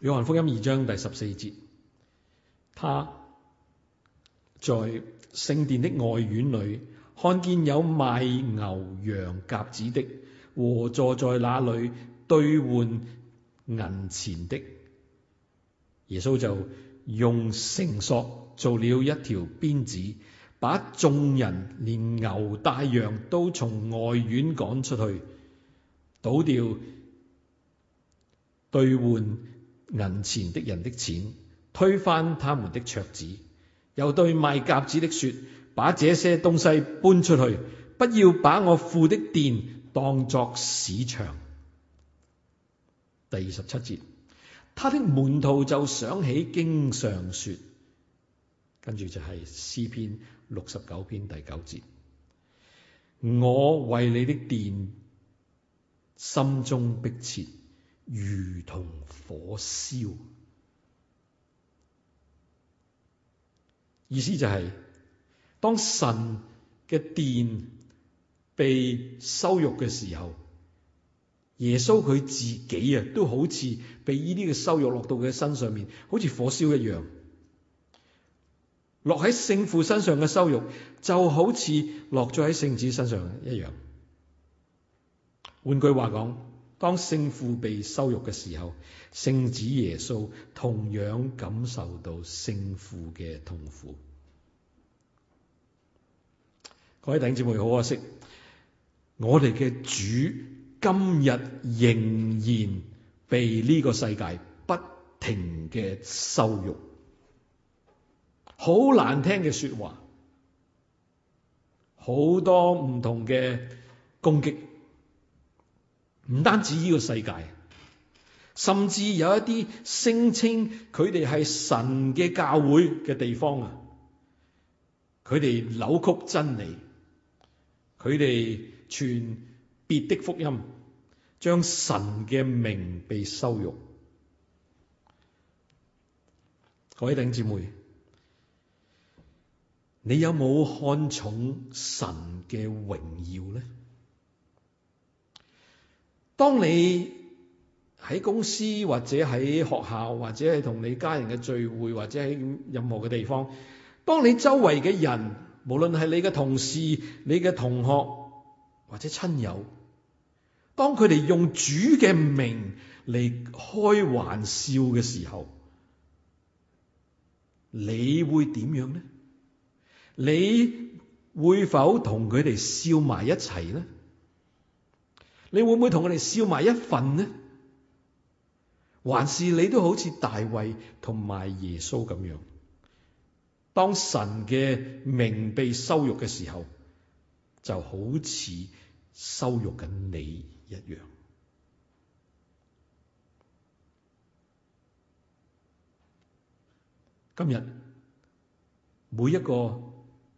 《約翰福音》二章第十四節，他在聖殿的外院裏看見有賣牛羊鴿子的和坐在那裡兌換銀錢的，耶穌就用繩索做了一條鞭子，把眾人連牛帶羊都從外院趕出去，倒掉兌換。銀錢的人的錢，推翻他們的桌子，又對賣鴿子的說：把這些東西搬出去，不要把我父的殿當作市場。第二十七節，他的門徒就想起經上說，跟住就係詩篇六十九篇第九節：我為你的殿心中迫切。如同火燒，意思就係當神嘅殿被羞辱嘅時候，耶穌佢自己啊都好似被呢啲嘅羞辱落到佢身上面，好似火燒一樣。落喺聖父身上嘅羞辱，就好似落咗喺聖子身上一樣。換句話講。當聖父被羞辱嘅時候，聖子耶穌同樣感受到聖父嘅痛苦。各位弟兄姊妹，好可惜，我哋嘅主今日仍然被呢個世界不停嘅羞辱，好難聽嘅說話，好多唔同嘅攻擊。唔單止呢個世界，甚至有一啲聲稱佢哋係神嘅教會嘅地方啊，佢哋扭曲真理，佢哋傳別的福音，將神嘅名被羞辱。各位弟兄姊妹，你有冇看重神嘅榮耀呢？當你喺公司或者喺學校或者係同你家人嘅聚會或者喺任何嘅地方，當你周圍嘅人無論係你嘅同事、你嘅同學或者親友，當佢哋用主嘅名嚟開玩笑嘅時候，你會點樣呢？你會否同佢哋笑埋一齊呢？你會唔會同我哋笑埋一份呢？還是你都好似大衛同埋耶穌咁樣，當神嘅名被羞辱嘅時候，就好似羞辱緊你一樣。今日每一個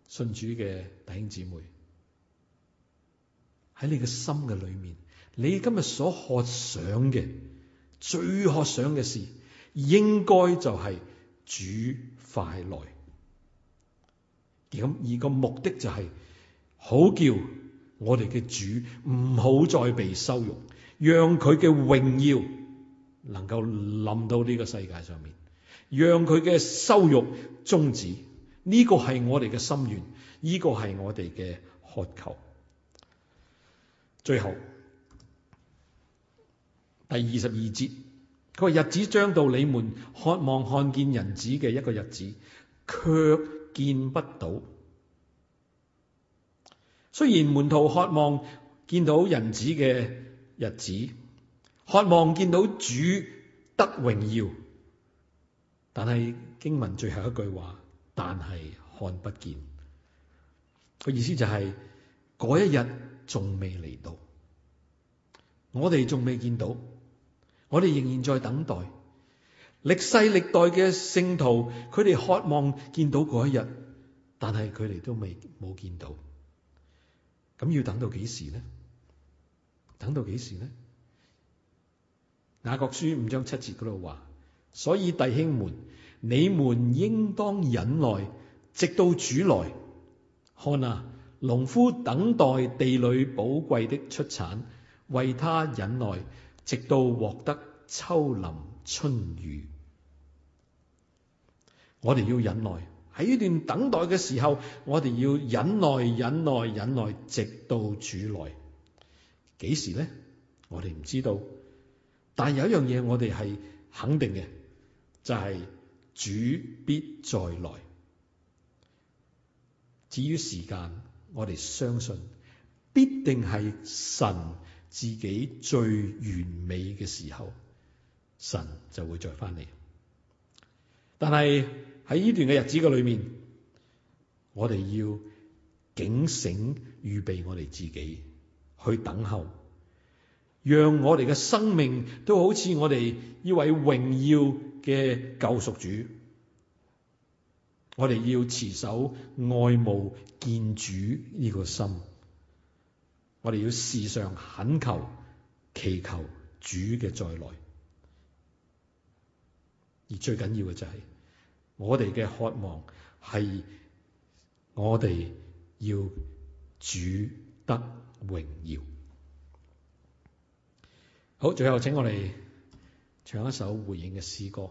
信主嘅弟兄姊妹。喺你嘅心嘅裏面，你今日所渴想嘅、最渴想嘅事，應該就係主快來。咁而個目的就係、是、好叫我哋嘅主唔好再被羞辱，讓佢嘅榮耀能夠臨到呢個世界上面，讓佢嘅羞辱終止。呢個係我哋嘅心願，呢個係我哋嘅渴求。最後第二十二節，佢話，日子將到，你們渴望看見人子嘅一個日子，卻見不到。雖然門徒渴望見到人子嘅日子，渴望見到主得榮耀，但係經文最後一句話，但係看不見。個意思就係、是、嗰一日。仲未嚟到，我哋仲未見到，我哋仍然在等待。歷世歷代嘅聖徒，佢哋渴望見到嗰一日，但係佢哋都未冇見到。咁要等到幾時呢？等到幾時呢？雅各書五章七節嗰度話：所以弟兄們，你們應當忍耐，直到主來。看啊！農夫等待地裏寶貴的出產，為他忍耐，直到獲得秋霖春雨。我哋要忍耐喺呢段等待嘅時候，我哋要忍耐、忍耐、忍耐，直到主來。幾時呢？我哋唔知道，但有一樣嘢我哋係肯定嘅，就係、是、主必再來。至於時間。我哋相信必定係神自己最完美嘅時候，神就會再翻嚟。但係喺呢段嘅日子嘅裏面，我哋要警醒預備我哋自己去等候，讓我哋嘅生命都好似我哋呢位榮耀嘅救贖主。我哋要持守愛慕見主呢個心，我哋要時常懇求祈求主嘅再來，而最緊要嘅就係我哋嘅渴望係我哋要主得榮耀。好，最後請我哋唱一首回應嘅詩歌。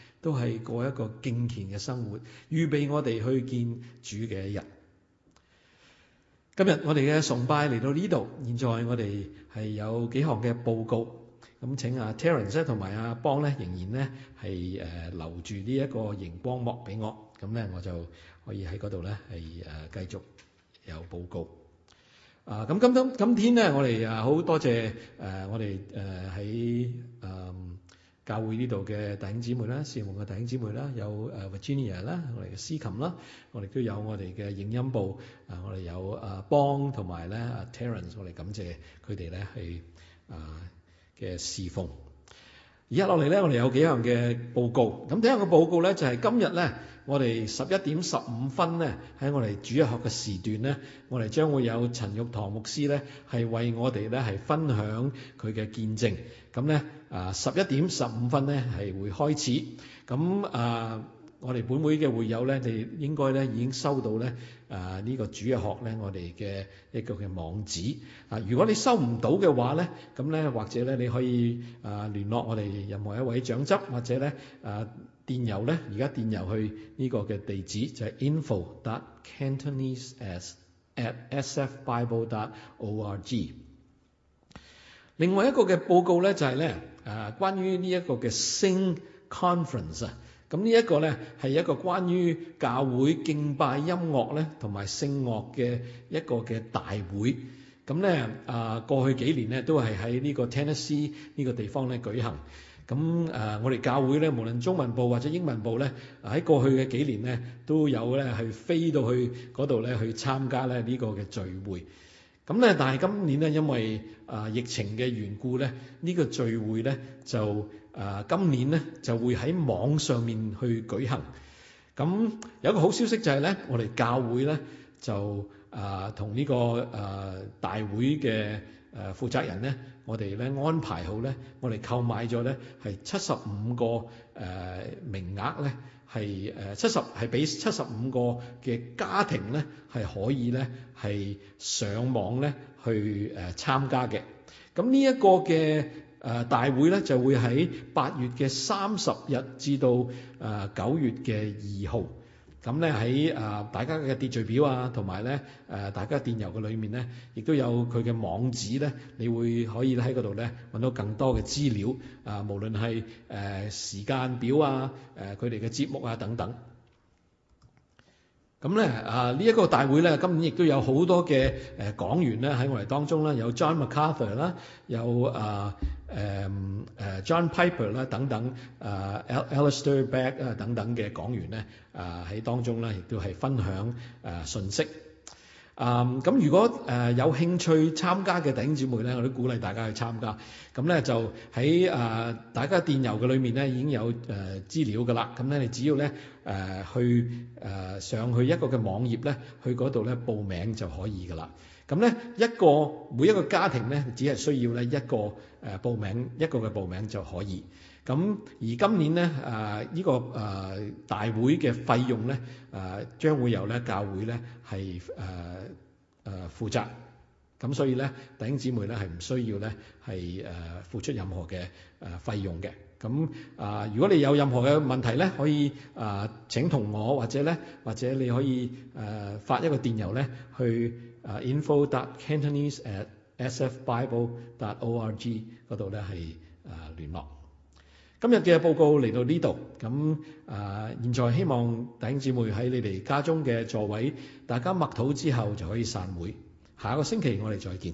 都係過一個敬虔嘅生活，預備我哋去見主嘅一日。今日我哋嘅崇拜嚟到呢度，現在我哋係有幾項嘅報告，咁請阿 Terence 同埋阿邦咧仍然咧係誒留住呢一個熒光幕俾我，咁咧我就可以喺嗰度咧係誒繼續有報告。啊，咁今今今天咧我哋啊好多謝誒我哋誒喺誒。教會呢度嘅弟兄姊妹啦，羨慕嘅弟兄姊妹啦，有誒 Virginia 啦，我哋嘅司琴啦，我哋都有我哋嘅影音部，啊，我哋有誒邦同埋咧，阿 Terence，我哋感謝佢哋咧，係啊嘅侍奉。而家落嚟咧，我哋有幾項嘅報告。咁第一個報告咧，就係今日咧，我哋十一點十五分咧，喺我哋主日學嘅時段咧，我哋將會有陳玉堂牧師咧，係為我哋咧係分享佢嘅見證。咁咧，啊，十一點十五分咧係會開始。咁啊，我哋本會嘅會友咧，你應該咧已經收到咧啊呢個主日學咧，我哋嘅一個嘅網址啊。如果你收唔到嘅話咧，咁咧或者咧你可以啊聯絡我哋任何一位長執，或者咧啊電郵咧，而家電郵去呢個嘅地址就係 info.cantoneses@sfbible.org。另外一個嘅報告咧就係咧，啊，關於呢一個嘅 Sing Conference 啊，咁呢一個咧係一個關於教會敬拜音樂咧同埋聲樂嘅一個嘅大會，咁咧啊，過去幾年咧都係喺呢個 Tennessee 呢個地方咧舉行，咁啊，我哋教會咧無論中文部或者英文部咧喺過去嘅幾年咧都有咧係飛到去嗰度咧去參加咧呢個嘅聚會。咁咧，但係今年咧，因為啊疫情嘅緣故咧，呢個聚會咧就啊今年咧就會喺網上面去舉行。咁有一個好消息就係咧，我哋教會咧就啊同呢個啊大會嘅誒負責人咧，我哋咧安排好咧，我哋購買咗咧係七十五個。誒、呃、名額咧係誒七十，係俾七十五個嘅家庭咧係可以咧係上網咧去誒、呃、參加嘅。咁呢一個嘅誒、呃、大會咧就會喺八月嘅三十日至到誒、呃、九月嘅二號。咁咧喺啊大家嘅秩序表啊，同埋咧誒大家電郵嘅裏面咧，亦都有佢嘅網址咧，你會可以喺嗰度咧搵到更多嘅資料啊、呃，無論係誒、呃、時間表啊、誒佢哋嘅節目啊等等。咁咧啊呢一、呃這個大會咧，今年亦都有好多嘅誒講員咧喺我哋當中啦，有 John MacArthur 啦、啊，有啊。呃誒誒、uh, John Piper 啦，等等啊 Alistair 啊，uh, Beck 等等嘅講員咧，啊、uh, 喺當中咧，亦都係分享誒、uh, 信息。啊，咁如果誒、uh, 有興趣參加嘅弟兄姊妹咧，我都鼓勵大家去參加。咁咧就喺誒、uh, 大家電郵嘅裏面咧，已經有誒、uh, 資料㗎啦。咁咧你只要咧誒、uh, 去誒、uh, 上去一個嘅網頁咧，去嗰度咧報名就可以㗎啦。咁咧一個每一個家庭咧，只係需要咧一個誒、呃、報名一個嘅報名就可以。咁而今年咧啊，呢、呃呢個誒、呃、大會嘅費用咧誒、呃、將會由咧教會咧係誒誒負責。咁所以咧弟兄姊妹咧係唔需要咧係誒付出任何嘅誒、呃、費用嘅。咁啊、呃，如果你有任何嘅問題咧，可以啊、呃、請同我或者咧或者你可以誒、呃、發一個電郵咧去。啊、uh，info@cantonese.sfbible.org at 嗰度咧係啊聯絡。今日嘅報告嚟到呢度，咁啊、uh, 現在希望弟兄姊妹喺你哋家中嘅座位，大家默禱之後就可以散會。下個星期我哋再見。